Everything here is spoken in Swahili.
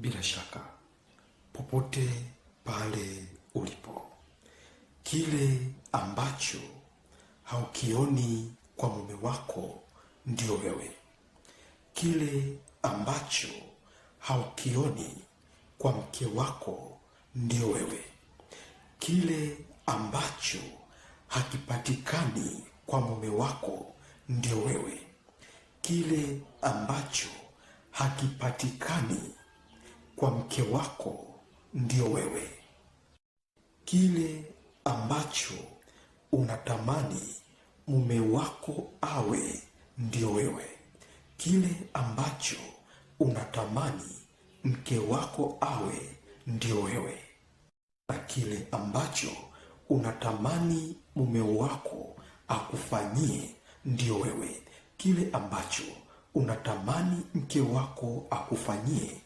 bila shaka, popote pale ulipo, kile ambacho haukioni kwa mume wako ndio wewe, kile ambacho haukioni kwa mke wako ndio wewe, kile ambacho hakipatikani kwa mume wako ndio wewe, kile ambacho hakipatikani kwa mke wako ndio wewe. Kile ambacho unatamani mume wako awe ndio wewe. Kile ambacho unatamani mke wako awe ndio wewe, na kile ambacho unatamani mume wako akufanyie ndio wewe. Kile ambacho unatamani mke wako akufanyie